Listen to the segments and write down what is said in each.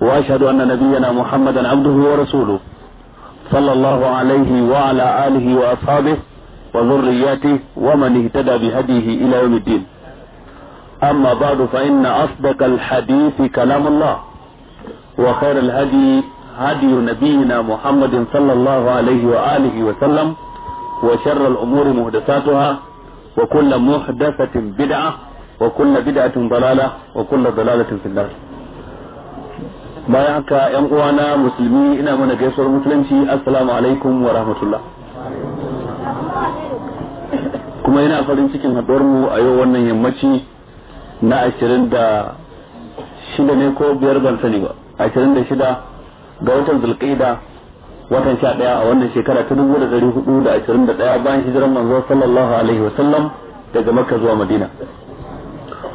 واشهد ان نبينا محمدا عبده ورسوله صلى الله عليه وعلى اله واصحابه وذرياته ومن اهتدى بهديه الى يوم الدين اما بعد فان اصدق الحديث كلام الله وخير الهدي هدي نبينا محمد صلى الله عليه واله وسلم وشر الامور محدثاتها وكل محدثه بدعه وكل بدعه ضلاله وكل ضلاله في النار bayan haka yan uwana musulmi ina mana gaisuwar musulunci assalamu alaikum wa rahmatullah kuma ina farin cikin haɗuwar mu a yau wannan yammaci na ashirin da shida ne ko biyar ban sani ba ashirin da shida ga watan zulƙida watan sha a wannan shekara ta dubu da hudu da ashirin da ɗaya bayan hijiran manzo sallallahu alaihi wasallam daga makka zuwa madina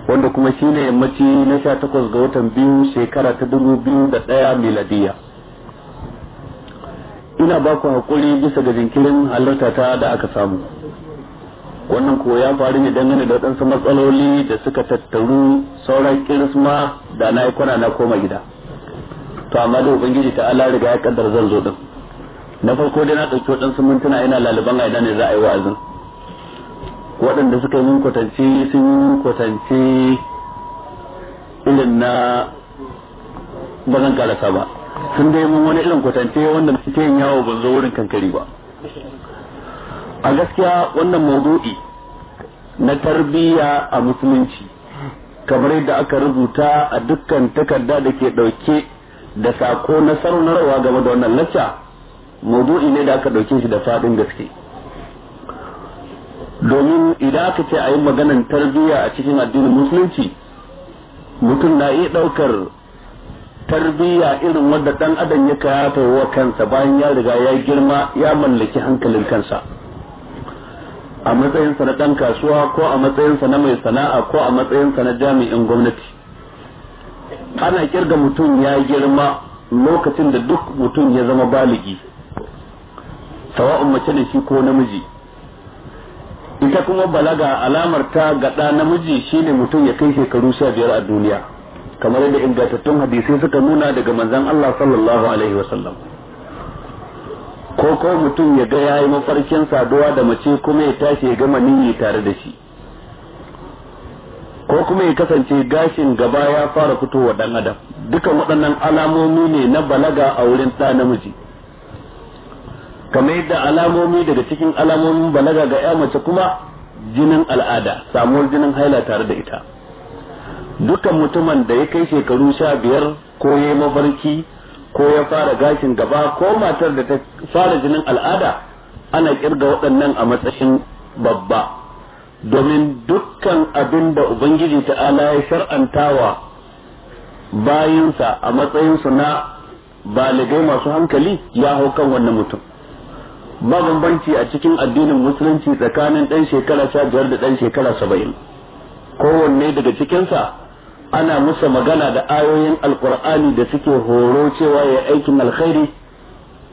wanda kuma shi ne yammaci na sha takwas ga watan biyu shekara ta dubu biyu da ɗaya miladiya ina ba ku hakuri bisa ga jinkirin halarta ta da aka samu wannan ko ya faru ne dangane da waɗansu matsaloli da suka tattaru sauran kirisma da na yi kwana na koma gida to amma da ubangiji ta ala riga ya kaddar zan zo din na farko dai na ɗauki waɗansu mintuna ina laliban a ina ne za a yi wa'azin waɗanda suka yi min kwatance sun yi min kwatance ilin na ba karasa ba sun dai mun wani irin kwatance wanda suke yin yawo ban zo wurin kankari ba a gaskiya wannan maudu'i na tarbiyya a musulunci kamar yadda aka rubuta a dukkan takarda da ke ɗauke da sako na sarunarwa game da wannan lacca maudu'i ne da aka ɗauke shi da faɗin gaske domin idan aka ce a yi maganan tarbiyya a cikin addinin musulunci mutum na iya ɗaukar tarbiyya irin wanda ɗan adam ya kayata wa kansa bayan ya riga ya girma ya mallaki hankalin kansa a matsayinsa na ɗan kasuwa ko a matsayinsa na mai sana'a ko a matsayinsa na jami'in gwamnati ana kirga mutum ya girma lokacin da duk mutum ya zama baligi sawa'un mace da shi ko namiji ita kuma balaga alamar ta ga namiji shine mutum ya kai shekaru sha biyar a duniya kamar yadda ingantattun hadisai suka nuna daga manzon Allah sallallahu alaihi wasallam ko ko mutum ya ga yayi mafarkin saduwa da mace kuma ya tashi ya gama niyi tare da shi ko kuma ya kasance gashin gaba ya fara fitowa dan adam dukan waɗannan alamomi ne na balaga a wurin ɗa namiji kamar yadda alamomi daga cikin alamomin balaga ga ya mace kuma jinin al'ada samuwar jinin haila tare da ita dukan mutumin da ya kai shekaru sha biyar ko ya yi mafarki ko ya fara gashin gaba ko matar da ta fara jinin al'ada ana kirga waɗannan a matsayin babba domin dukkan abin da ubangiji ta'ala ya shar'antawa bayinsa a matsayinsu na baligai masu hankali ya hau kan wannan mutum ba bambanci a cikin addinin musulunci tsakanin ɗan shekara sha biyar da ɗan shekara saba'in kowanne daga cikinsa ana musa magana da ayoyin alkur'ani da suke horo cewa ya aikin alkhairi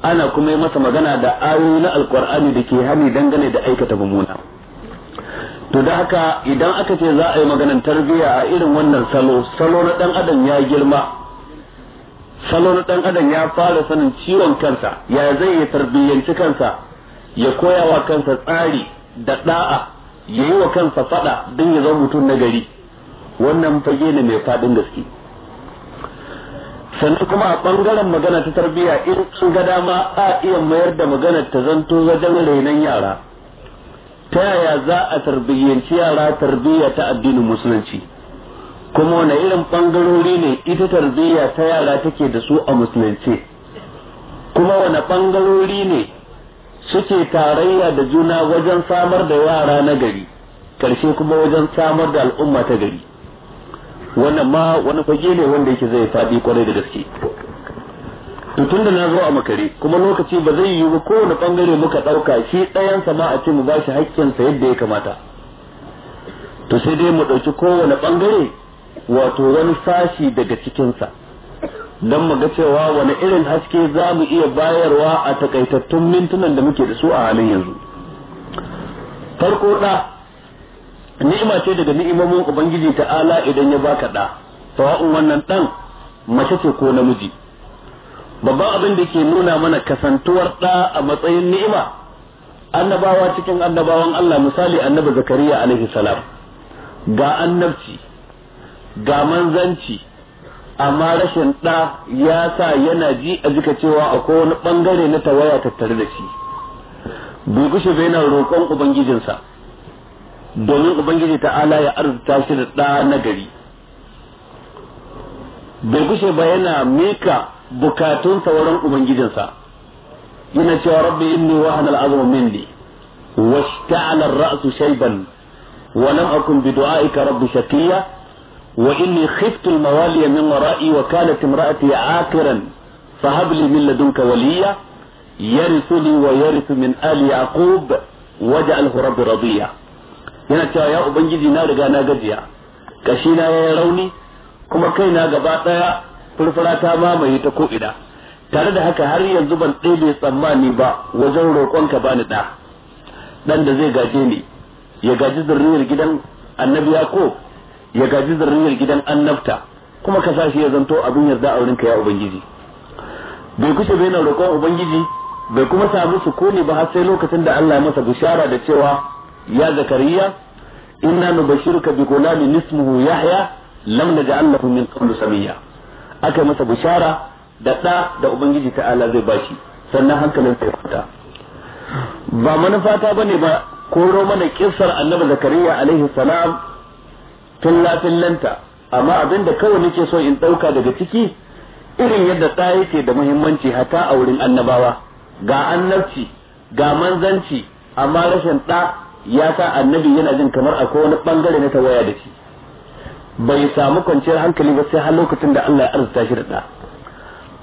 ana kuma yi masa magana da ayoyi na alkur'ani da ke hani dangane da aikata mummuna to da haka idan aka ce za a yi maganar tarbiyya a irin wannan salo salo na dan adam ya girma salon dan adam ya fara sanin ciwon kansa ya zai ya tarbiyyanci kansa ya koya wa kansa tsari da da'a ya yi wa kansa fada don ya zama mutum na gari wannan fage ne mai fadin gaske sannan kuma a ɓangaren magana ta tarbiyya in sun ga dama a iya mayar da magana ta zanto wajen renon yara ta yaya za a tarbiyyanci yara tarbiyya ta addinin musulunci kuma wani irin bangarori ne ita tarbiyya ta yara take da su a musulunci kuma wani bangarori ne suke tarayya da juna wajen samar da yara na gari karshe kuma wajen samar da al'umma ta gari wannan ma wani fage ne wanda yake zai faɗi kwarai da gaske to tunda na zo a makare kuma lokaci ba zai yi ko kowane bangare muka ɗauka shi ɗayansa ma a ce mu ba bashi haƙƙinsa yadda ya kamata to sai dai mu ɗauki kowane bangare wato wani sashi daga cikinsa don mu ga cewa wani irin haske za mu iya bayarwa a takaitattun mintunan da muke da su a halin yanzu farko da ni'ima ce daga ni'imomin ubangiji ta'ala idan ya baka da sawa'un wannan dan mace ce ko namiji babban abin da ke nuna mana kasantuwar da a matsayin ni'ima annabawa cikin annabawan Allah misali annabi zakariya alaihi salam ga annabci ga manzanci amma rashin ɗa ya sa yana ji a jika cewa akwai wani ɓangare na tawaya tattare da shi bugushe bai na roƙon ubangijinsa domin ubangiji ta'ala ya arzuta shi da ɗa na gari bugushe ba yana mika bukatun sauran ubangijinsa yana cewa rabbi inni wahana azumin minni washta'ala rasu shayban wa lam akun bi du'aika rabbi shaqiya وإني خفت الموالي من ورائي وكانت امرأتي عاكرا فهب لي من لدنك وليا يرثني ويرث من آل يعقوب وجعله رب رضيا هنا يا أبنجدي نار جانا قديا كشينا يروني كما كينا قباطا فلفلاتا ماما يتكو إلا تارد هكا هريا زبان قيلي سماني با وزورو كونك باندا دان دزي قاجيني يقاجد الرير جدا النبي يعقوب ya gaji zarriyar gidan annabta kuma ka sa shi ya zanto abin yarda a wurinka ya ubangiji bai kusa bai na roƙon ubangiji bai kuma samu kone ba har sai lokacin da Allah ya masa bishara da cewa ya zakariya inna nubashiruka bi gulamin nismuhu yahya lam naj'al lahu min qablu samiyya aka masa bishara da da da ubangiji ta'ala zai bashi sannan hankalin sai fata ba manufa ta bane ba koro mana kissar annabi zakariya alaihi salam filla fillanta amma abin da kawai nake so in ɗauka daga ciki irin yadda tsaye yake da muhimmanci hata a wurin annabawa ga annabci ga manzanci amma rashin ɗa ya sa annabi yana jin kamar akwai wani bangare na tawaya da shi bai samu kwanciyar hankali ba sai har lokacin da Allah ya arzuta shi da ɗa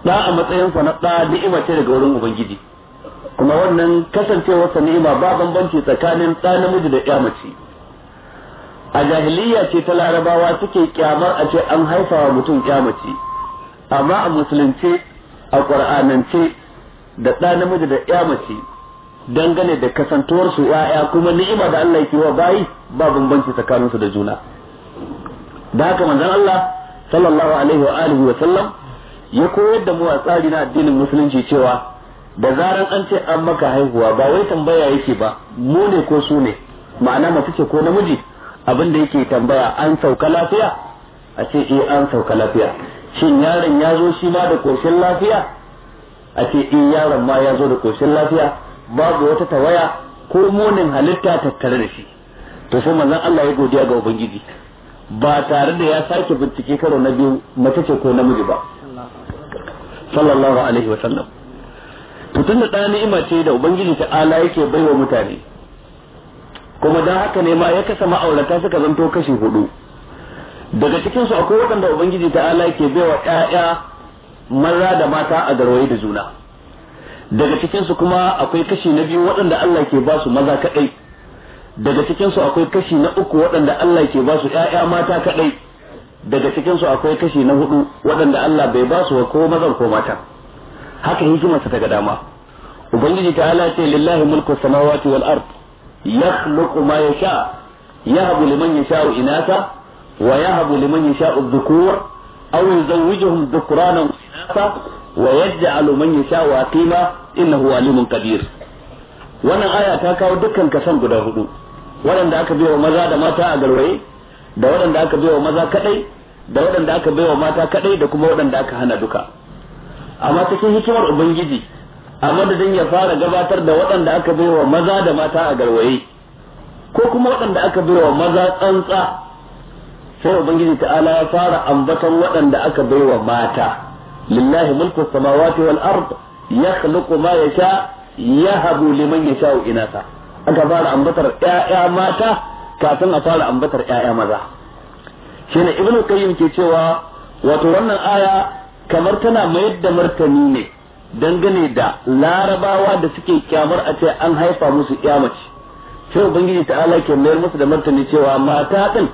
ɗa a matsayinsa na ɗa ni'ima ce daga wurin ubangiji kuma wannan kasancewarsa ni'ima ba bambanci tsakanin ɗa namiji da ƴa mace a jahiliya ce ta larabawa suke kyamar a ce an haifawa mutum kyamace amma a musulunce a ƙur'anance da ɗa namiji da kyamace dangane da kasantuwarsu ‘ya'ya kuma ni'ima da Allah yake wa bayi ba bambanci tsakaninsu da juna da haka manzon Allah sallallahu alaihi wa alihi wa sallam ya koyar da mu a tsari na addinin musulunci cewa da zaran an ce an maka haihuwa ba wai tambaya yake ba mu ne ko su ne ma'ana mace ce ko namiji abin da yake tambaya an sauka lafiya a ce eh an sauka lafiya shin yaron ya zo shi ma da koshin lafiya a ce eh yaron ma ya zo da koshin lafiya babu wata tawaya ko munin halitta tattare da shi to sai manzon Allah ya godiya ga ubangiji ba tare da ya sake bincike karo na biyu mace ce ko namiji ba sallallahu alaihi wa sallam to tunda da ni'ima ce da ubangiji ta'ala yake baiwa mutane kuma dan haka ne ma ya kasa ma'aurata suka zanto kashi hudu daga cikin su akwai waɗanda ubangiji ta'ala ke baiwa ƴaƴa maza da mata a garwaye da juna daga cikin su kuma akwai kashi na biyu waɗanda Allah ke ba su maza kadai daga cikin su akwai kashi na uku waɗanda Allah ke ba su ƴaƴa mata kadai daga cikin su akwai kashi na hudu waɗanda Allah bai ba su ko maza ko mata haka hikimarsa ta ga dama ubangiji ta'ala ce lillahi mulku samawati wal ard yakhluqu ma yasha yahabu liman yasha inatha wa yahabu liman yasha dhukur aw yuzawwijuhum dhukrana wa inatha wa yaj'alu man yasha aqima innahu alimun qadir wannan aya ta kawo dukkan kasan guda hudu waɗanda aka biya maza da mata a garwaye da waɗanda aka biya maza kaɗai, da waɗanda aka bai mata kaɗai, da kuma waɗanda aka hana duka amma cikin hikimar ubangiji a madadin ya fara gabatar da waɗanda aka bai wa maza da mata a garwaye ko kuma waɗanda aka bai wa maza tsantsa sai ubangiji ta'ala ya fara ambaton waɗanda aka bai wa mata lillahi mulku samawati wal ard yakhluqu ma yasha yahabu liman yasha inasa aka fara ambatar ƴaƴa mata kafin a fara ambatar ƴaƴa maza shine ibnu qayyim ke cewa wato wannan aya kamar tana mayar da martani ne dangane da larabawa da suke kyamar a ce an haifa musu kyamace sai ubangiji ta ala ke mayar musu da martani cewa mata din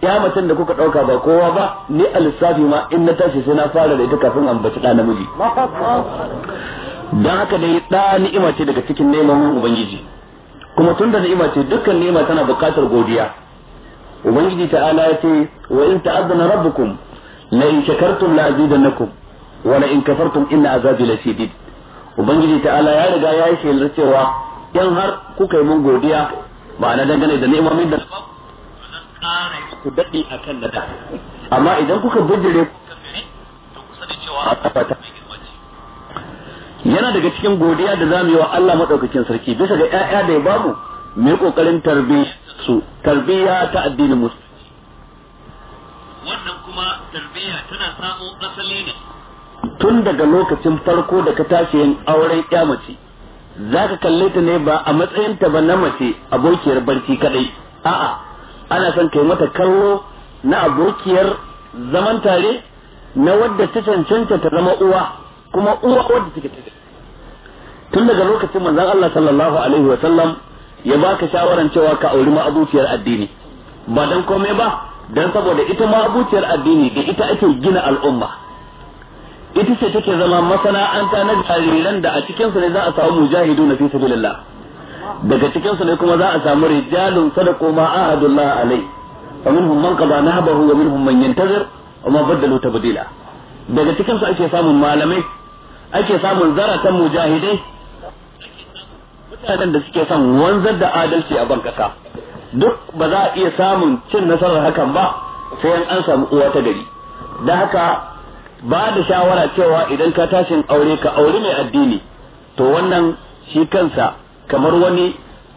kyamacin da kuka dauka ba kowa ba ni a lissafi ma in na tashi sai na fara da ita kafin an baci da namiji dan haka dai da ni'ima ce daga cikin neman ubangiji kuma tun da ni'ima ce dukkan ni'ima tana bukatar godiya ubangiji ta'ala ya ce wa in ta'azzana rabbukum la in shakartum la azidannakum wala in kafartum inna azabi shadid ubangiji ta'ala ya riga ya yi shelar cewa in har kuka yi mun godiya na dangane da ni'imomin da ku daɗi a kan nada amma idan kuka to bijire yana daga cikin godiya da zamu yi wa Allah madaukakin sarki bisa ga ƴaƴa da ya bamu mu yi kokarin tarbiyya su tarbiyya ta addinin musulmi wannan kuma tarbiyya tana samun asali ne tun daga lokacin farko da ka tashi yin auren ya mace za ka kalle ta ne ba a matsayin ta ba na mace abokiyar barci kadai a'a ana son kai mata kallo na abokiyar zaman tare na wadda ta cancanta ta zama uwa kuma uwa wadda take ta tun daga lokacin manzon Allah sallallahu alaihi wa sallam ya baka shawaran cewa ka auri ma abokiyar addini ba dan komai ba dan saboda ita ma abokiyar addini da ita ake gina al'umma ita ce take zama masana'anta na jariran da a cikin su ne za a samu mujahiduna fi sabilillah daga cikin su ne kuma za a samu rijalun sadaqu ma ahadullah alai fa minhum man qada nahbahu wa minhum man yantazir wa ma badalu tabdila daga cikin su ake samun malamai ake samun zaratan mujahidai mutanen da suke son wanzar da adalci a ban kasa duk ba za a iya samun cin nasarar hakan ba sai an samu uwa ta gari da haka ba da shawara cewa idan ka tashin aure ka aure mai addini to wannan shi kansa kamar wani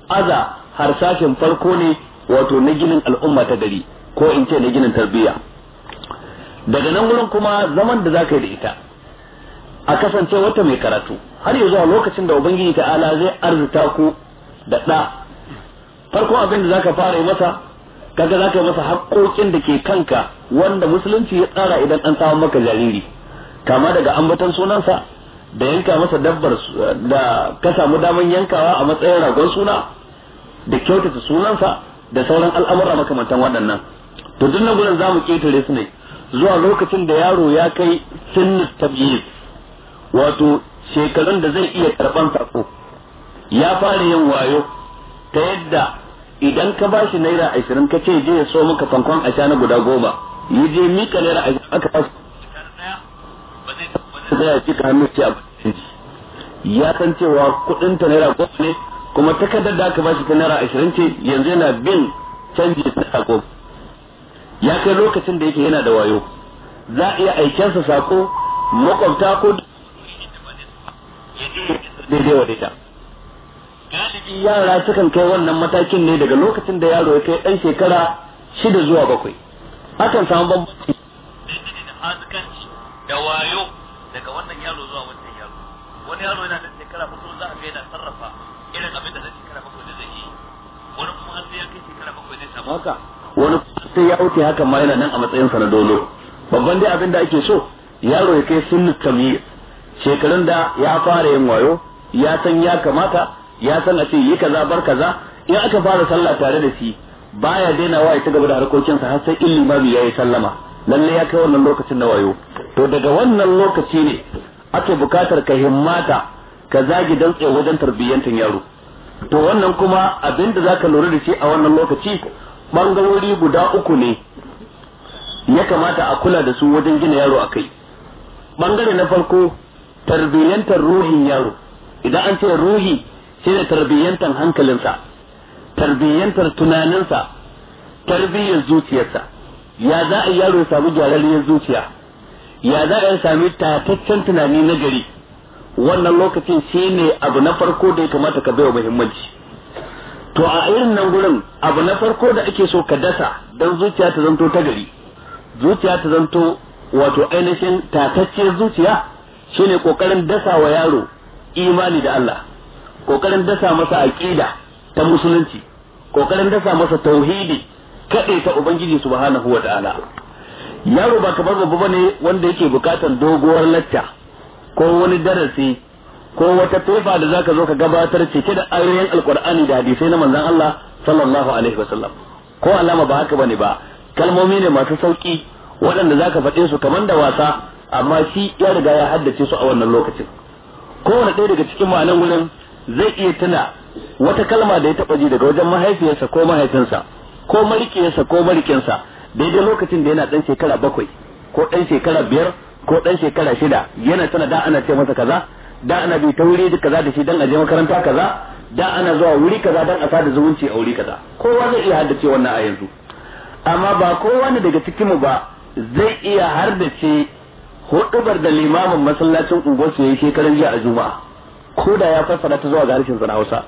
aza harsashin farko ne wato na ginin al'umma ta gari ko in ce na ginin tarbiyya daga nan wurin kuma zaman da za ka yi da ita a kasance wata mai karatu har yanzu a lokacin da ubangiji ta'ala zai arzuta ku da ɗa farko abin da za ka fara yi masa kaga zaka masa haƙoƙin da ke kanka wanda musulunci ya tsara idan an samu maka jariri kama daga ambaton sunansa da yanka masa dabbar da ka samu daman yankawa a matsayin ragon suna da kyautata sunansa da sauran al'amura makamantan waɗannan to duk nan gudan zamu ketare su ne zuwa lokacin da yaro ya kai sinnis tabyiz wato shekarun da zai iya karban sako ya fara yin wayo ta yadda idan ka ba shi naira ashirin ka ce je ya so maka fankon shana guda goma yi je mika naira ashirin aka ba zai cika hannu ce a ya san cewa kudin ta naira goma ne kuma ta kadar da aka ba shi ta naira ashirin ce yanzu yana bin canji ta sako ya kai lokacin da yake yana da wayo za a iya aikensa sako makwabta ko da ya daidai wa daidai galibi yara sukan kai wannan matakin ne daga lokacin da yaro ya kai ɗan shekara shida zuwa bakwai hakan samu bambanci da haskanci. da wayo daga wannan yaro zuwa wannan yaro wani yaro yana da shekara bakwai za a ga yana sarrafa irin abin da na shekara bakwai da zai yi wani kuma har sai ya kai shekara bakwai zai samu haka wani sai ya wuce hakan ma yana nan a matsayin sa na dolo babban dai abin da ake so yaro ya kai sun tamyiz shekarun da ya fara yin wayo ya san ya kamata ya san a ce yi kaza bar kaza in aka fara sallah tare da shi baya dainawa wa ta gaba da harkokinsa har sai in limami ya yi sallama lalle ya kai wannan lokacin na wayo to daga wannan lokaci ne ake bukatar ka himmata ka zagi dantse wajen tarbiyyantar yaro to wannan kuma abinda zaka lura da shi a wannan lokaci bangarori guda uku ne ya kamata a kula da su wajen gina yaro a kai bangare na farko tarbiyyantar ruhin yaro idan an ce ruhi shine tarbiyyantar hankalinsa tarbiyyantar tunaninsa tarbiyyar zuciyarsa ya za a yaro ya samu gyararriyar zuciya ya za a sami tataccen tunani na gari wannan lokacin shine abu na farko da ya kamata ka baiwa muhimmanci to a irin nan gurin abu na farko da ake so ka dasa don zuciya ta zanto ta gari zuciya ta zanto wato ainihin tatacciyar zuciya shine kokarin dasa wa yaro imani da Allah kokarin dasa masa aqida ta musulunci kokarin dasa masa tauhidi kaɗai ta ubangiji subhanahu wa ta'ala yaro ba kamar babu bane wanda yake bukatan doguwar latta ko wani darasi ko wata tofa da zaka zo ka gabatar cike da ayoyin alqur'ani da hadisai na manzon Allah sallallahu alaihi wasallam ko alama ba haka bane ba kalmomi ne masu sauki waɗanda zaka faɗe su kaman da wasa amma shi ya riga ya haddace su a wannan lokacin kowane ɗaya daga cikin ma'anan wurin zai iya tuna wata kalma da ya taba ji daga wajen mahaifiyarsa ko mahaifinsa ko marikiyarsa ko marikinsa daidai lokacin da yana dan shekara bakwai ko dan shekara biyar ko dan shekara shida yana tuna da ana ce masa kaza da ana bi ta wuri kaza da shi dan aje makaranta kaza da ana zuwa wuri kaza dan a sada zumunci a wuri kaza kowa zai iya haddace wannan a yanzu amma ba kowa ne daga cikin mu ba zai iya haddace hudubar da limamin masallacin unguwarsu yayi shekaran jiya a juma'a ko da ya fassara ta zuwa ga harshen sa na Hausa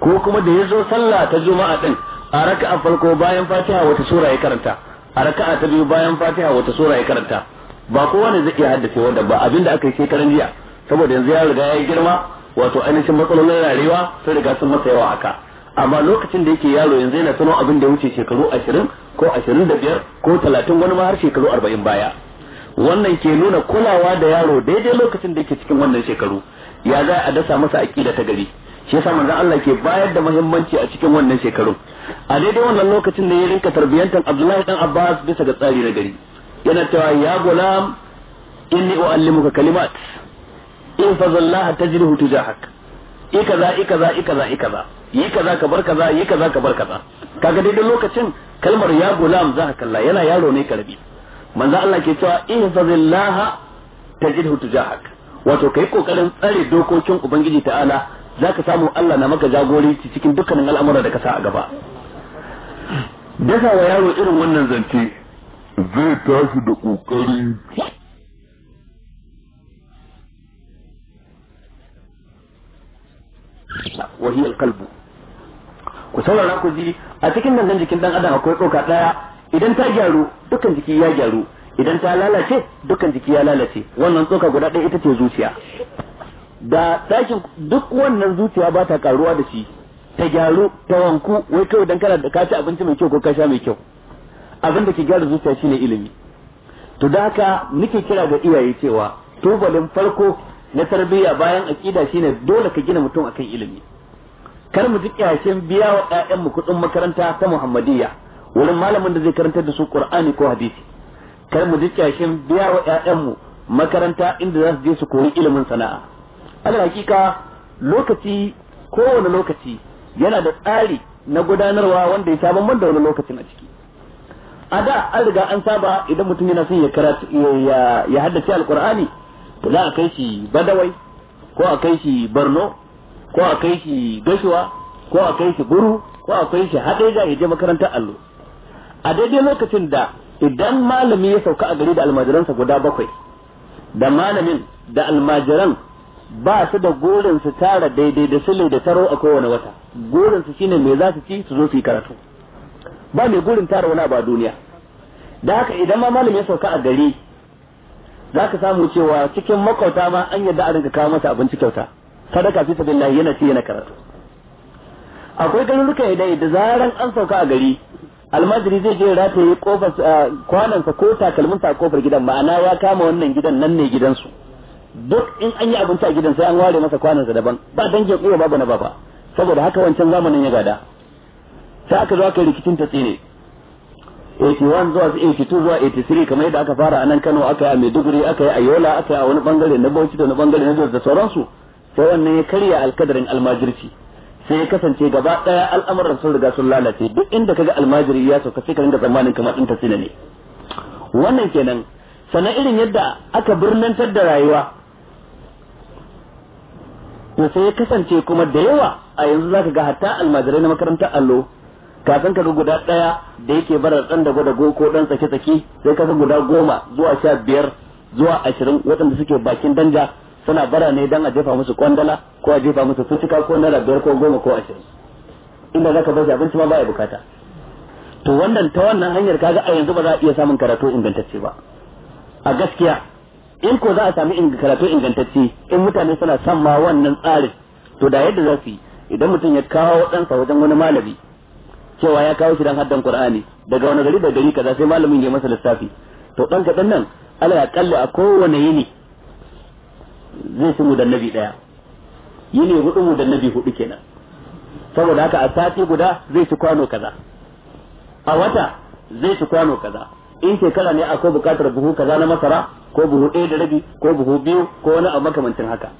ko kuma da ya zo sallah ta juma'a din a raka'a farko bayan fatiha wata sura ya karanta a raka'a ta biyu bayan fatiha wata sura ya karanta ba kowa ne zai iya haddace wanda ba abinda aka yi shekaran jiya saboda yanzu ya riga ya girma wato ainihin matsalolin rayuwa sun riga sun masa yawa aka amma lokacin da yake yaro yanzu yana tuno abin da ya wuce shekaru ashirin ko ashirin da biyar ko talatin wani ma har shekaru arba'in baya wannan ke nuna kulawa da yaro daidai lokacin da yake cikin wannan shekaru ya za a dasa masa aqida ta gari shi yasa manzon Allah ke bayar da muhimmanci a cikin wannan shekarun a daidai wannan lokacin da ya rinka tarbiyantar Abdullahi dan Abbas bisa ga tsari na gari yana cewa ya gulam inni uallimuka kalimat in fazallaha tajrihu tujahak ika za ika za yi kaza ka bar kaza yi kaza ka bar kaza kaga daidai lokacin kalmar ya gulam za ka kalla yana yaro ne karbi manzo Allah ke cewa in fazallaha tajrihu tujahak wato kai kokarin tsare dokokin ubangiji ta'ala zaka samu Allah na maka jagoranci cikin dukkanin al'amura da ka sa a gaba dasa wa yaro irin wannan zance zai tashi da kokari wa hiya ku saurara ku ji a cikin nan jikin dan adam akwai tsoka daya idan ta gyaru dukkan jiki ya gyaru idan ta lalace dukkan jiki ya lalace wannan tsoka guda ɗaya ita ce zuciya da ɗakin duk wannan zuciya ba ta karuwa da shi ta gyaru ta wanku wai kai dan kana da ka ci abinci mai kyau ko ka sha mai kyau abin da ke gyara zuciya shine ilimi to da haka nake kira ga iyaye cewa tubalin farko na tarbiyya bayan aqida shine dole ka gina mutum akan ilimi kar mu ji kyashin biya wa mu kuɗin makaranta ta Muhammadiyya wurin malamin da zai karantar da su Qur'ani ko hadisi kar mu ji kyashin biya wa ƴaƴanmu makaranta inda za su je su koyi ilimin sana'a Allah hakika lokaci kowane lokaci yana da tsari na gudanarwa wanda ya mun da wani lokacin a ciki a da an riga an saba idan mutum yana son ya karatu ya haddace alkur'ani to za a kai shi badawai ko a kai shi Barno ko a kai shi gashuwa ko a kai shi guru ko a kai shi hadeja ya je makarantar allo a daidai lokacin da idan malami ya sauka a gari da almajiransa guda bakwai da malamin da almajiran ba su da gurin su tara daidai da sule da taro a kowane wata gurin su shine me za su ci su zo su yi karatu ba mai gurin tara wani ba duniya da haka idan ma malami ya sauka a gari za ka samu cewa cikin makauta ma an yadda a rinka kawo masa abinci kyauta sadaka fi sabilillah yana ci yana karatu akwai garuruka idan da zaran an sauka a gari almajiri zai je rataye kofar kwanansa ko takalmin a kofar gidan ma'ana ya kama wannan gidan nan ne gidansu duk in an yi abinci a gidan sai an ware masa kwanan sa daban ba dangin uwa babu na baba saboda haka wancan zamanin ya gada sai aka zo aka rikicin ta tsine 81 zuwa 82 zuwa 83 kamar yadda aka fara a nan Kano aka yi a Maiduguri aka yi a Yola aka yi a wani bangare na Bauchi da wani bangare na Jos da sauransu sai wannan ya karya alkadarin almajirci sai ya kasance gaba daya al'amuran sun riga sun lalace duk inda kaga almajiri ya sauka sai ka ringa tsammanin kamar din tasina ne wannan kenan sanan irin yadda aka birnantar da rayuwa to sai ya kasance kuma da yawa a yanzu zaka ga hatta almajirai na makarantar allo kafin ka ga guda daya da yake barar dan da gwada go dan tsake tsaki sai ka ga guda goma zuwa sha biyar zuwa ashirin waɗanda suke bakin danja suna bara ne dan a jefa musu kwandala ko a jefa musu fitika ko naira biyar ko goma ko ashirin inda zaka bar abinci ma baya bukata to wannan ta wannan hanyar kaga a yanzu ba za a iya samun karatu ingantacce ba a gaskiya in ko za a sami karatu ingantacce in mutane suna son ma wannan tsarin to da yadda za su yi idan mutum ya kawo ɗansa wajen wani malami cewa ya kawo shi dan haddan qur'ani daga wani gari da gari kaza sai malamin ya masa lissafi to ɗan kaɗan nan ala ya kalli a kowane yini zai shi mudannabi daya yini hudu nabi hudu kenan saboda haka a sati guda zai ci kwano kaza a wata zai ci kwano kaza in shekara ne akwai bukatar buhu kaza na masara ko buhu ɗaya da rabi ko buhu biyu ko wani abu makamancin haka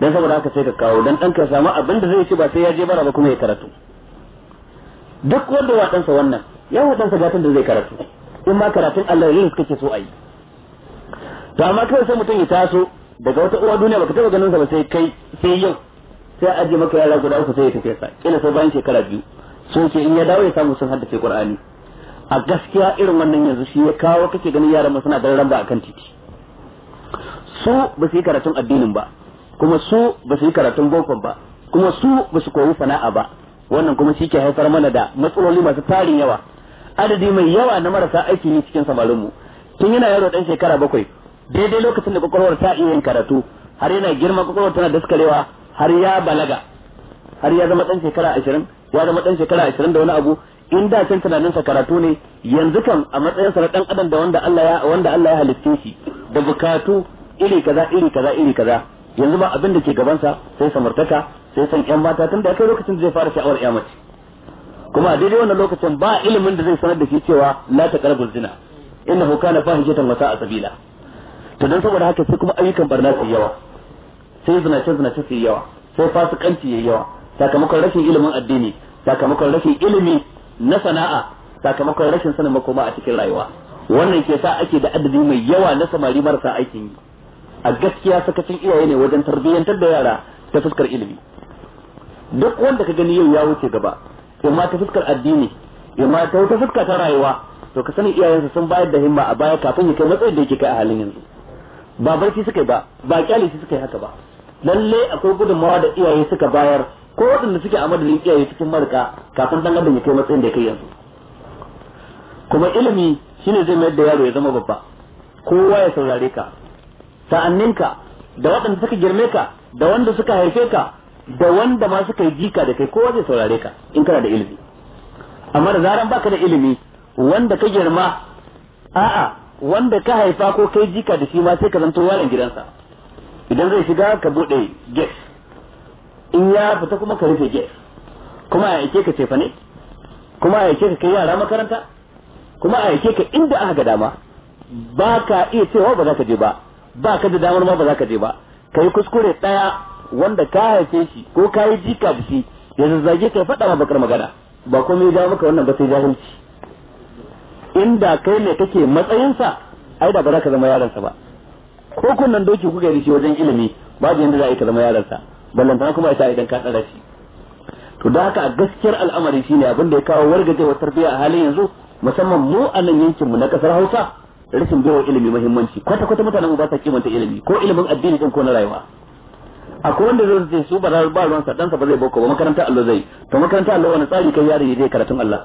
dan saboda haka sai ka kawo dan ɗan ka samu abin da zai ci ba sai ya je bara ba kuma ya karatu duk wanda ya wannan ya wa gatan da zai karatu in ma karatun Allah ne kake so a yi to amma kawai sai mutum ya taso daga wata uwa duniya baka taba ganin sa ba sai kai sai yau sai aje maka yara guda uku sai ya tafi sa kila sai bayan shekara biyu so ke in ya dawo ya samu sun haddace qur'ani a gaskiya irin wannan yanzu shi ya kawo kake ganin yaran ma suna daren ba akan titi su ba su yi karatun addinin ba kuma su ba su yi karatun boko ba kuma su ba su koyi sana'a ba wannan kuma shi ke haifar mana da matsaloli masu tarin yawa adadi mai yawa na marasa aiki ne cikin samarinmu tun yana yaro dan shekara bakwai daidai lokacin da kwakwalwar ta iya yin karatu har yana girma kwakwalwar tana daskarewa har ya balaga har ya zama dan shekara ashirin ya zama dan shekara ashirin da wani abu in da can sa karatu ne yanzu kan a matsayinsa na dan adam da wanda Allah ya wanda Allah ya shi da bukatu iri kaza iri kaza iri kaza yanzu ba abin da ke gabansa sai samartaka sai san yan mata tun da kai lokacin da zai fara sha'awar ya mace kuma a daidai wannan lokacin ba ilimin da zai sanar da shi cewa la taqrabu zina innahu kana fahijatan wa sa'a sabila to dan saboda haka sai kuma ayyukan barna su yawa sai zinace zinace su yawa sai fasikanci yayi yawa sakamakon rashin ilimin addini sakamakon rashin ilimi na sana'a sakamakon rashin sanin makoma a cikin rayuwa wannan ke sa ake da adadi mai yawa na samari marasa aikin yi a gaskiya sakacin iyaye ne wajen tarbiyyantar da yara ta fuskar ilimi duk wanda ka gani yau ya wuce gaba imma ta fuskar addini imma ta fuska ta rayuwa to ka sani iyayensa sun bayar da himma a baya kafin ya kai matsayin da yake kai a halin yanzu ba barci suka yi ba ba kyale shi suka yi haka ba lalle akwai gudunmawa da iyaye suka bayar ko waɗanda suke a madadin iyaye cikin marka kafin dan adam ya kai matsayin da ya kai yanzu kuma ilimi shine zai mayar da yaro ya zama babba kowa ya saurare ka sa'anninka da waɗanda suka girme ka da wanda suka haife ka da wanda ma suka yi jika da kai kowa zai saurare ka in kana da ilimi amma da zaran baka da ilimi wanda ka girma a'a wanda ka haifa ko kai jika da shi ma sai ka zanto yaron gidansa idan zai shiga ka bude gate in ya fita kuma ka rufe gate kuma a yake ka cefa ne kuma a yake ka kai yara makaranta kuma a yake ka inda aka ga dama ba ka iya cewa ba za ka je ba ba ka da damar ma ba za ka je ba ka kuskure ɗaya wanda ka haife shi ko ka yi jika da shi ya zazzage ka faɗa ma bakar magana ba komai ya jawo maka wannan ba sai jahilci inda kai ne kake matsayinsa ai da ba za ka zama yaransa ba ko kunnan doki ku da shi wajen ilimi babu yanda za a yi ka zama yaransa ballantana kuma isa idan ka tsara shi to da haka a gaskiyar al'amari shine abin da ya kawo wargajewar tarbiyya a halin yanzu musamman mu a nan yankinmu na kasar Hausa rashin baiwa ilimi muhimmanci kwata kwata mutanen ba sa kimanta ilimi ko ilimin addini din ko na rayuwa akwai wanda zai ce su ba za ba ruwan sa dan sa ba zai boko ba makarantar Allah zai to makarantar Allah wani tsari kai yaro zai karatun Allah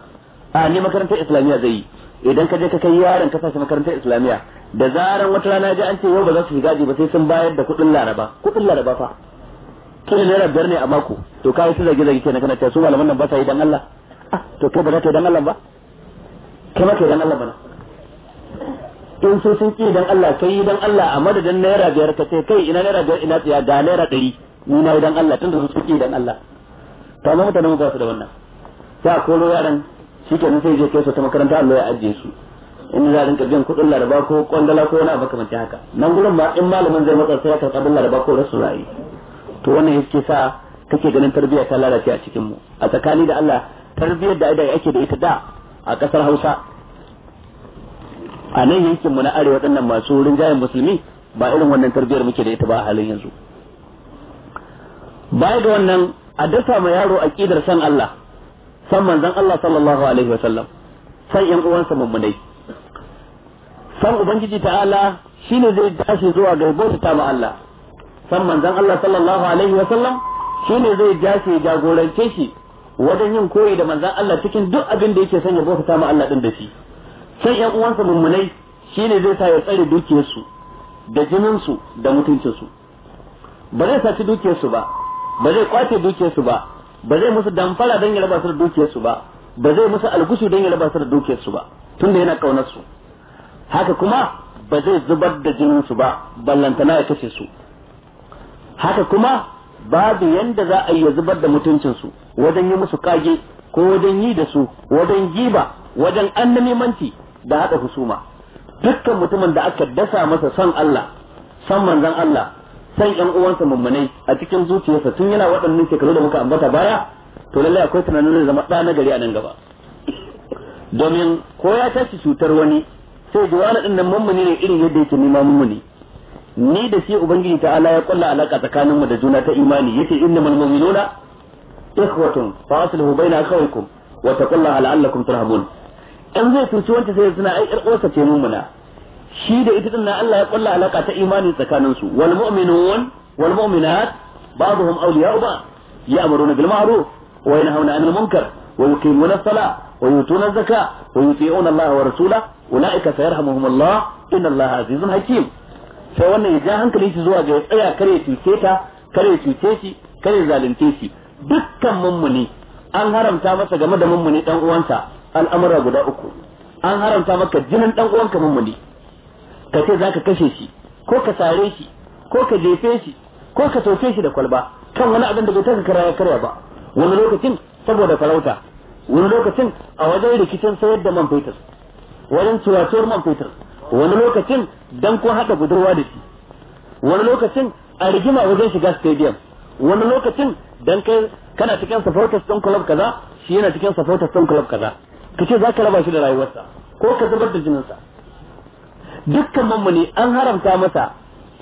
a ni makarantar islamiyya zai yi idan ka je ka kai yaron ka sashi makarantar islamiyya da zaran wata rana ji an ce yau ba za su shiga ba sai sun bayar da kuɗin laraba kuɗin laraba fa kila naira biyar ne a mako to ka yi su zage zage kenan kana ta su malaman nan ba sa yi dan Allah ah to kai ba za ka yi dan Allah ba kai ma ka yi dan Allah ba in so sun ki dan Allah kai dan Allah a madadin naira biyar ka ce kai ina naira biyar ina tsaya ga naira ɗari ni na yi dan Allah tunda su ki dan Allah mu ta mu ba su da wannan ta kolo koro yaran shi ke sai je kai su ta makaranta Allah ya ajiye su in za a rinka biyan kuɗin laraba ko kwandala ko wani abu kamar haka nan gurin ba in malamin zai matsa sai ya karɓa bin laraba ko rasu ra'ayi to wannan yake sa kake ganin tarbiyya ta lalace a cikin mu a tsakani da Allah tarbiyyar da ake da ita da a kasar Hausa a nan yankin mu na arewa dinnan masu rinjayen musulmi ba irin wannan tarbiyyar muke da ita ba a halin yanzu baya da wannan a dasa ma yaro aqidar san Allah san manzon Allah sallallahu alaihi wa sallam san ƴan uwansa mummunai san ubangiji ta'ala shine zai tashi zuwa ga bauta ma Allah san manzon Allah sallallahu alaihi wa sallam shine zai tashi jagorance shi wajen yin koyi da manzon Allah cikin duk abin da yake son ya bauta ma Allah din da shi san ƴan uwansa mummunai shine zai sa ya tsare dukiyarsu da jininsu da mutuncinsu ba zai saci dukiyarsu ba ba zai kwace dukiyarsu ba ba zai musu damfara don ya raba su da dukiyarsu ba ba zai musu algusu don ya raba su da dukiyarsu ba tunda yana kaunar su haka kuma ba zai zubar da jinin su ba ballantana ya kashe su haka kuma babu yanda za a yi zubar da mutuncin su wajen yi musu kage ko wajen yi da su wajen giba wajen manti da haka husuma dukkan mutumin da aka dasa masa son Allah son manzon Allah san yan uwansa mummunai a cikin zuciyarsa tun yana waɗannan shekaru da muka ambata baya to lallai akwai tunanin zai zama ɗa na gari a nan gaba domin ko ya tashi cutar wani sai ji wani ɗin nan mummuni ne irin yadda yake nema mummuni ni da shi ubangiji ta ala ya kulla alaka tsakanin mu da juna ta imani yace mal mu'minuna ikhwatun fa aslihu baina akhawaykum wa taqullaha la'allakum turhamun in zai turci wanda sai suna ai ƴar uwarsa ce mummuna shi da ita din Allah ya kulla alaka ta imani tsakanin su wal mu'minun wal mu'minat ba'dhum awliya'u ba ya'muruna bil ma'ruf wa yanhauna 'anil munkar wa yuqimuna as-salata wa yutuna az-zakata wa yuti'una Allah wa rasulahu ulaika sayarhamuhum Allah inna Allah azizun hakim sai wannan ya ja hankali shi zuwa ga tsaya kare cuce ta kare cuce shi kare zalunce shi dukkan mummuni an haramta masa game da mummuni dan uwansa al'amura guda uku an haramta maka jinin dan uwanka mummuni ka ce za ka kashe shi ko ka sare shi ko ka jefe shi ko ka toke shi da kwalba kan wani abin da bai taka kara karya ba wani lokacin saboda farauta wani lokacin a wajen rikicin sayar da man fetur wajen ciwatuwar man fetur wani lokacin dan ko haɗa budurwa da shi wani lokacin a rigima wajen shiga stadium wani lokacin dan kai kana cikin supporters ɗin club kaza shi yana cikin supporters ɗin club kaza kace za ka raba shi da rayuwarsa ko ka zubar da jininsa dukkan mummuni an haramta masa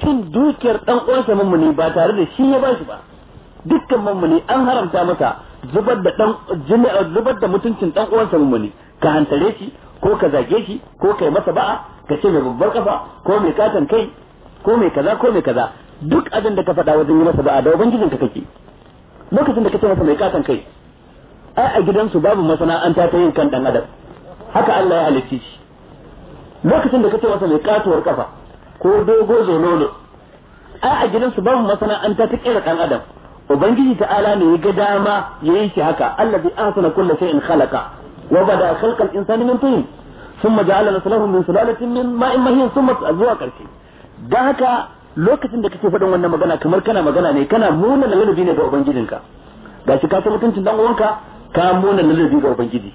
cin dukiyar dan uwansa mummuni ba tare da shi ya bashi ba dukkan mummuni an haramta masa zubar da dan zubar da mutuncin dan uwansa mummuni ka hantare shi ko ka zage shi ko kai masa ba'a ka ce mai babbar kafa ko mai katan kai ko mai kaza ko mai kaza duk abin da ka faɗa wajen yi masa ba'a da ubangijin ka kake lokacin da kace masa mai katan kai ai a gidansu babu masana'anta ta yin kan dan adam haka Allah ya halicce shi lokacin da kace masa mai katuwar kafa ko dogo zololo ai a gidansu babu masana'anta ta kera kan adam ubangiji ta'ala ne ya ga dama ya yi shi haka allazi ahsana kulli shay'in khalaqa wa bada khalqal insani min tin thumma ja'ala naslahu min sulalatin min ma'in mahin thumma zuwa karshe dan haka lokacin da kake faɗin wannan magana kamar kana magana ne kana muna lalabi ne ga ubangijinka gashi ka san mutuncin dan uwanka ka muna lalabi ga ubangiji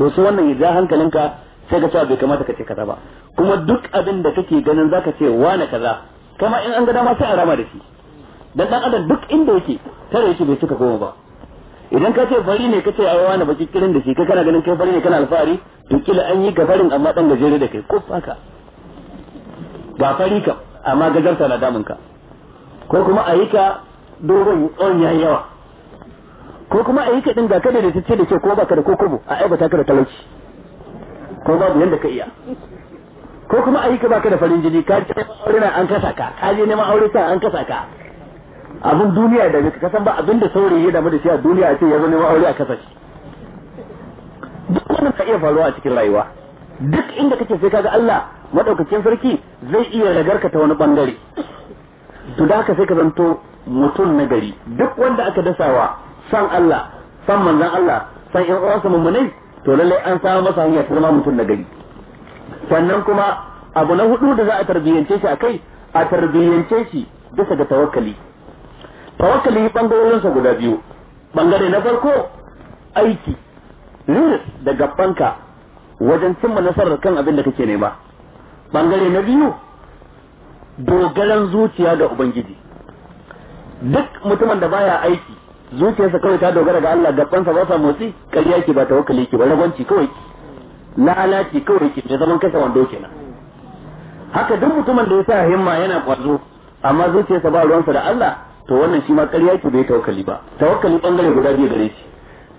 to su wannan ya ja hankalinka sai ka cewa bai kamata ka ce kaza ba kuma duk abin da kake ganin zaka ce wane kaza kama in an ga dama sai a rama da shi dan dan adam duk inda yake tare yake bai cika goma ba idan ka ce fari ne ka ce ai wane baki kirin da shi ka kana ganin kai fari ne kana alfahari to kila an yi gafarin amma dan gajere da kai ko faka ba fari kam amma gajarta na damun ka ko kuma a yi ka dogon tsawon yayi yawa ko kuma a yi ka din ga kada da tace da ke ko baka da kokobo a aibata ka da talauci ko babu yanda ka iya ko kuma a yi ka baka da farin jini ka je aure na an kasa ka ka je neman aure ta an kasa ka abin duniya da ka san ba abin da saurayi ya damu da shi a duniya a ce ya zo neman aure a kasa shi duk wannan ka iya faruwa a cikin rayuwa duk inda kake sai kaga Allah madaukakin sarki zai iya ragarka ta wani bangare to da haka sai ka zanto mutum na gari duk wanda aka dasawa san Allah san manzon Allah san ƴan uwansa mummunai to lallai an samu masa hanya ta zama mutum na gari sannan kuma abu na hudu da za a tarbiyyance shi akai a tarbiyyance shi bisa ga tawakkali tawakkali bangarorinsa guda biyu bangare na farko aiki rir da gabanka wajen cimma nasarar kan abin da kake nema bangare na biyu dogaran zuciya ga ubangiji duk mutumin da baya aiki zuciyarsa kawai ta dogara ga Allah gabansa ba sa motsi ƙarya ke ba tawakkali ke ba ragwanci kawai lalaci kawai ke ne zaman kashe wando kenan haka duk mutumin da ya sa himma yana kwazo amma zuciyarsa ba ruwansa da Allah to wannan shi ma ƙarya ki bai tawakkali ba tawakkali bangare guda biyu gare shi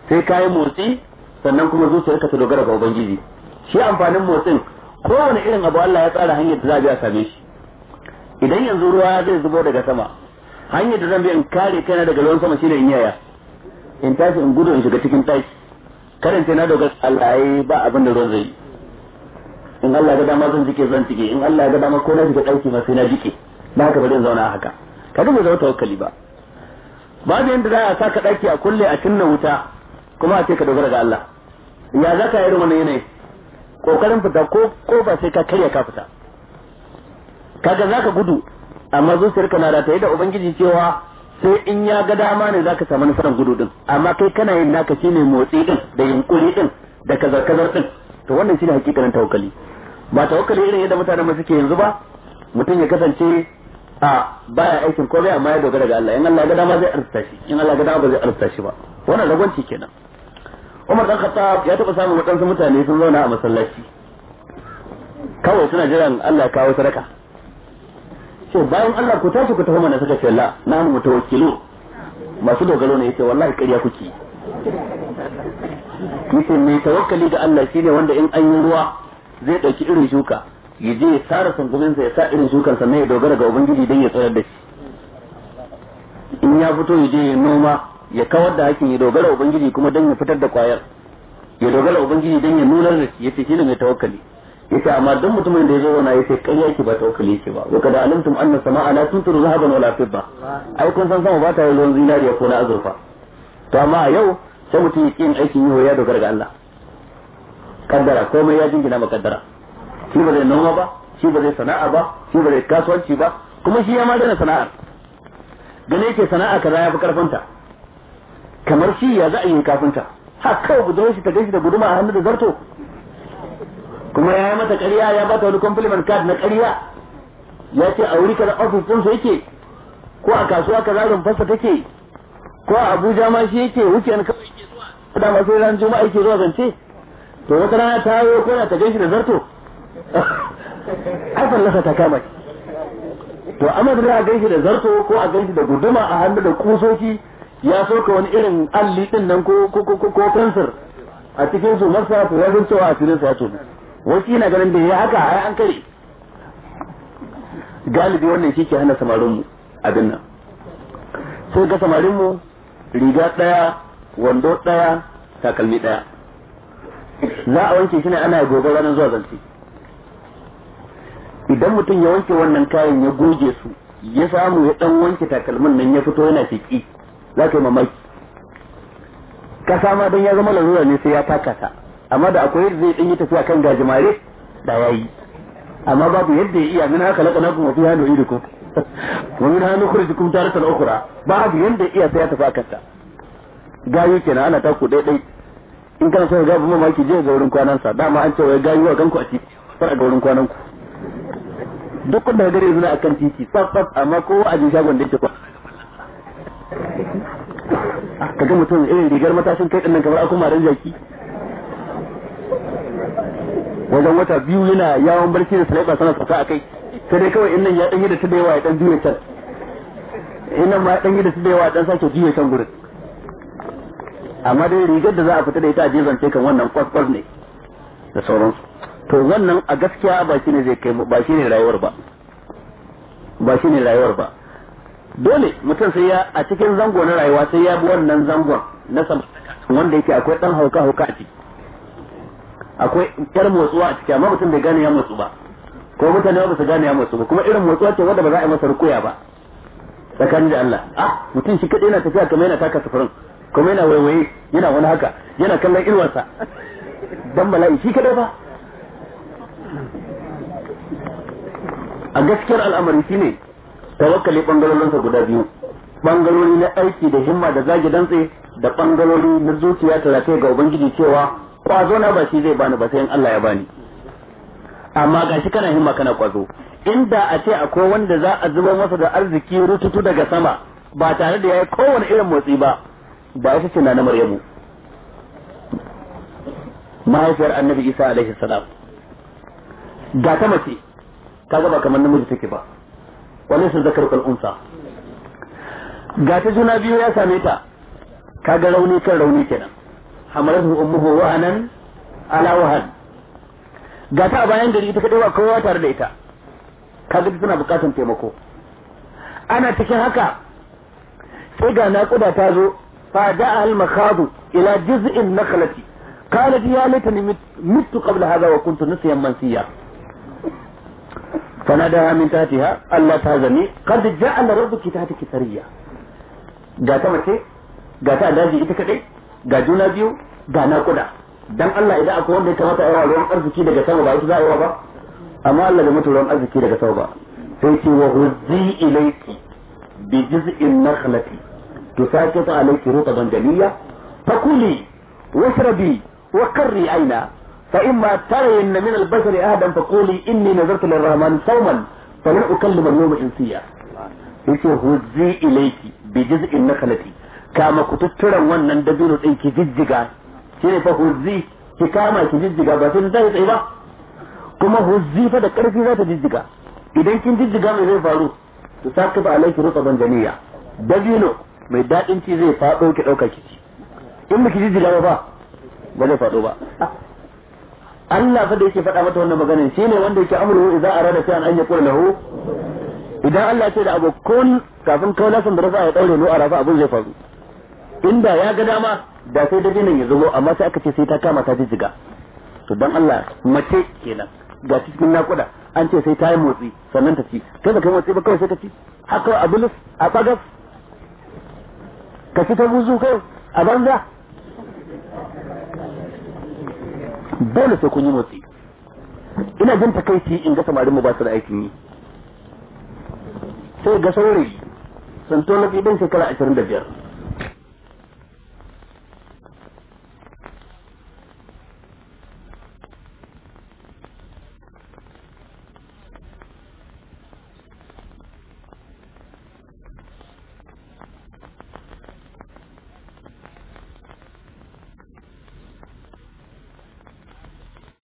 sai kayi motsi sannan kuma zuciyarka ta dogara ga ubangiji shi amfanin motsin kowane irin abu Allah ya tsara hanyar da za a bi a same shi idan yanzu ruwa zai zubo daga sama hanyar da zan bi in kare kaina daga ruwan sama shine in yaya in tashi in gudu in shiga cikin tashi karin sai na dogara Allah ba abin da ruwan zai in Allah ga dama zan jike zan tike in Allah ga dama ko na shiga dauki ma sai na jike ba haka bari in zauna haka ka bai zama tawakkali ba babu yanda za a saka daki a kulle a cinna wuta kuma a ce ka dogara ga Allah ya za ka yi irin wannan yanayi kokarin fita ko ko ba sai ka karya ka fita kaga zaka gudu amma zuciyarka na da da ubangiji cewa sai in ya ga dama ne zaka samu nasarar gudu din amma kai kana yin naka shine motsi din da yunkuri din da kazar-kazar din to wannan shine hakikanin tawakkali ba tawakkali irin yadda mutanen mu suke yanzu ba mutum ya kasance a baya aikin komai amma ya dogara ga Allah in Allah ya ga dama zai arsta shi in Allah ya ga dama ba zai arsta shi ba wannan ragwanci kenan Umar dan Khattab ya taba samun wadansu mutane sun zauna a masallaci kawai suna jiran Allah ya kawo sadaka ce bayan Allah ku tashi ku tafi mana suka ce la na mu mutawakkilu masu dogaro ne yace wallahi ƙarya kuke yace mai tawakkali ga Allah shine wanda in an yi ruwa zai dauki irin shuka ya je ya sara sungumin sa ya sa irin shukan sa ya dogara ga ubangiji dan ya tsayar da shi in ya fito ya je ya noma ya kawar da hakin ya dogara ubangiji kuma dan ya fitar da kwayar ya dogara ubangiji dan ya nunar da shi yace shine mai tawakkali yace amma duk mutumin da yazo wani yace kai yake ba tawakkali ki ba wa kada alimtum anna sama'a la tuntiru zahaban wala fidda ai kun san sama ba ta ruwan zinariya ko na azurfa to amma yau sai mutum ya yin aikin yi ya dogara ga Allah kaddara komai ya jingina ma kaddara shi ba zai noma ba shi ba zai sana'a ba shi ba zai kasuwanci ba kuma shi ya ma dana sana'a gane yake sana'a kaza ya fi karfinta kamar shi ya za a yi kafinta ha kawai budurwar shi ta gaishe da guduma a hannu da zarto kuma ya yi mata ƙarya ya bata wani compliment card na ƙarya ya ce a wuri kaza office din sa yake ko a kasuwa kaza rumfarsa take ko a Abuja ma shi yake wuce an kawai yake zuwa da masu ran juma'a yake zuwa zance to wata rana ta yi ko na ta gaishe da zarto ai lasa ta kama to amma da a gaishe da zarto ko a gaishe da guduma a hannu da kusoki ya soka wani irin alli din nan ko ko ko ko a cikin su masa to ya cewa a cikin sa ya tobi wasu yana ganin da ya haka ai an kare galibi wannan shi ke hana samarin mu abin nan sai ga samarin mu riga daya wando daya takalmi daya za a wanke shi ne ana gobe ranar zuwa zance idan mutum ya wanke wannan kayan ya goge su ya samu ya dan wanke takalmin nan ya fito yana fiki za ka yi mamaki kasa ma don ya zama lalura ne sai ya takata. amma da akwai yadda zai yi tafiya kan gajimare da yayi amma babu yadda ya iya min haka laqanakum ku fiha nu'idukum wa min hanu tare ta ukhra babu yadda ya iya sai ya tafi akan ta gayu kenan ana ta ku dai dai in kana son gabu ki je ga wurin kwanan sa dama an ce wai gayu a kanku a ciki fara ga wurin kwanan ku duk da gare yanzu akan titi tsaf tsaf amma ko a jin shagon da yake kwa kaga mutum irin rigar matashin kai dinnan kamar akuma ran jaki wajen wata biyu yana yawon barci da salaiba sana sauka a kai sai dai kawai innan ya ɗanyi yi da tuda yawa ya ɗan juya can innan ma ya ɗanyi yi da tuda yawa ya ɗan sake juya can gurin amma dai rigar da za a fita da ita a je zance kan wannan kwaskwas ne da sauransu to wannan a gaskiya ba shi ne zai kai ba shi ne rayuwar ba ba shi ne rayuwar ba dole mutum sai ya a cikin zango na rayuwa sai ya bi wannan zangon na wanda yake akwai dan hauka hauka a ciki akwai yar motsuwa a ciki amma mutum bai gane ya motsu ba ko mutane ba su gane ya motsu ba kuma irin motsuwa ce wanda ba za a yi masa rukuya ba tsakanin da Allah ah mutum shi kadai yana tafiya kamar yana taka sufurin kuma yana waiwaye yana wani haka yana kallon irwarsa dan bala'i shi kadai ba a gaskiyar al'amari shine tawakkali bangarorinsa guda biyu bangarori na aiki da himma da zagi dantse da bangarori na zuciya ta ga ubangiji cewa kwazo na ba shi zai bani ba sai in Allah ya bani amma gashi kana himma kana kwazo inda a ce akwai wanda za a zuba masa da arziki rututu daga sama ba tare da yayi kowane irin motsi ba da shi ce na namar yabo mahaifiyar annabi isa alaihi salam ga ta mace ta gaba kamar namiji take ba wani sun zakar kal'unsa ga ta juna biyu ya same ta ka ga rauni kan rauni kenan حملته أمه وهنا على وهن قاتا بيان دي تكتبوا كواتر ليتا كذب سنا بقاتم تيمكو أنا تشهكا سيقا ناكودا تازو فجاء المخاض إلى جزء النخلة قالت يا ليتني مت قبل هذا وكنت نسيا منسيا فناداها من تاتها ألا تهزني قد جاء لربك تاتك سريا قاتا ما تي قاتا دازي إتكتب ga juna biyu ga naƙuda dan Allah idan akwai wanda ya kamata a yi ruwan arziki daga sama ba ita za a yi ba amma Allah ga mutu ruwan arziki daga sama ba sai ce wa huzzi ilayki bi jiz'in nakhlati to ta alayki rutban jaliyya fakuli washrabi wa qarri aina fa in imma tarayin min al-basar ahadan faquli inni nazartu lir-rahman sawman falan ukallimu al-yawma insiya sai ce huzzi ilayki bi jiz'in nakhlati kama tutturan wannan dabino din ki jijjiga shine fa huzzi ki kama ki jijjiga ba sai zai tsaye ba kuma huzzi fa da karfi za ta jijjiga idan kin jijjiga mai zai faru to saka ba alaiki rutsaban janiya dabino mai dadin ci zai fado ki dauka ki ci in ba ki jijjiga ba ba zai fado ba Allah fa da yake faɗa mata wannan maganin shine wanda yake amru idan arada sai an yaqula lahu idan Allah ya ce da abu kun kafin san da a ya daure mu a rafa abun zai faru inda ya ga dama da sai da jinin ya zubo amma sai aka ce sai ta kama ta jijjiga to dan Allah mace kenan ga cikin nakuda an ce sai ta yi motsi sannan ta ci kai da kai motsi ba kawai sai ta ci haka a bulus a bagas ka ci ta buzu kai a banza dole sai kun yi motsi ina jin takaici in ga samarin mu ba su da aikin yi sai ga saurayi sun tola idan shekara ashirin da biyar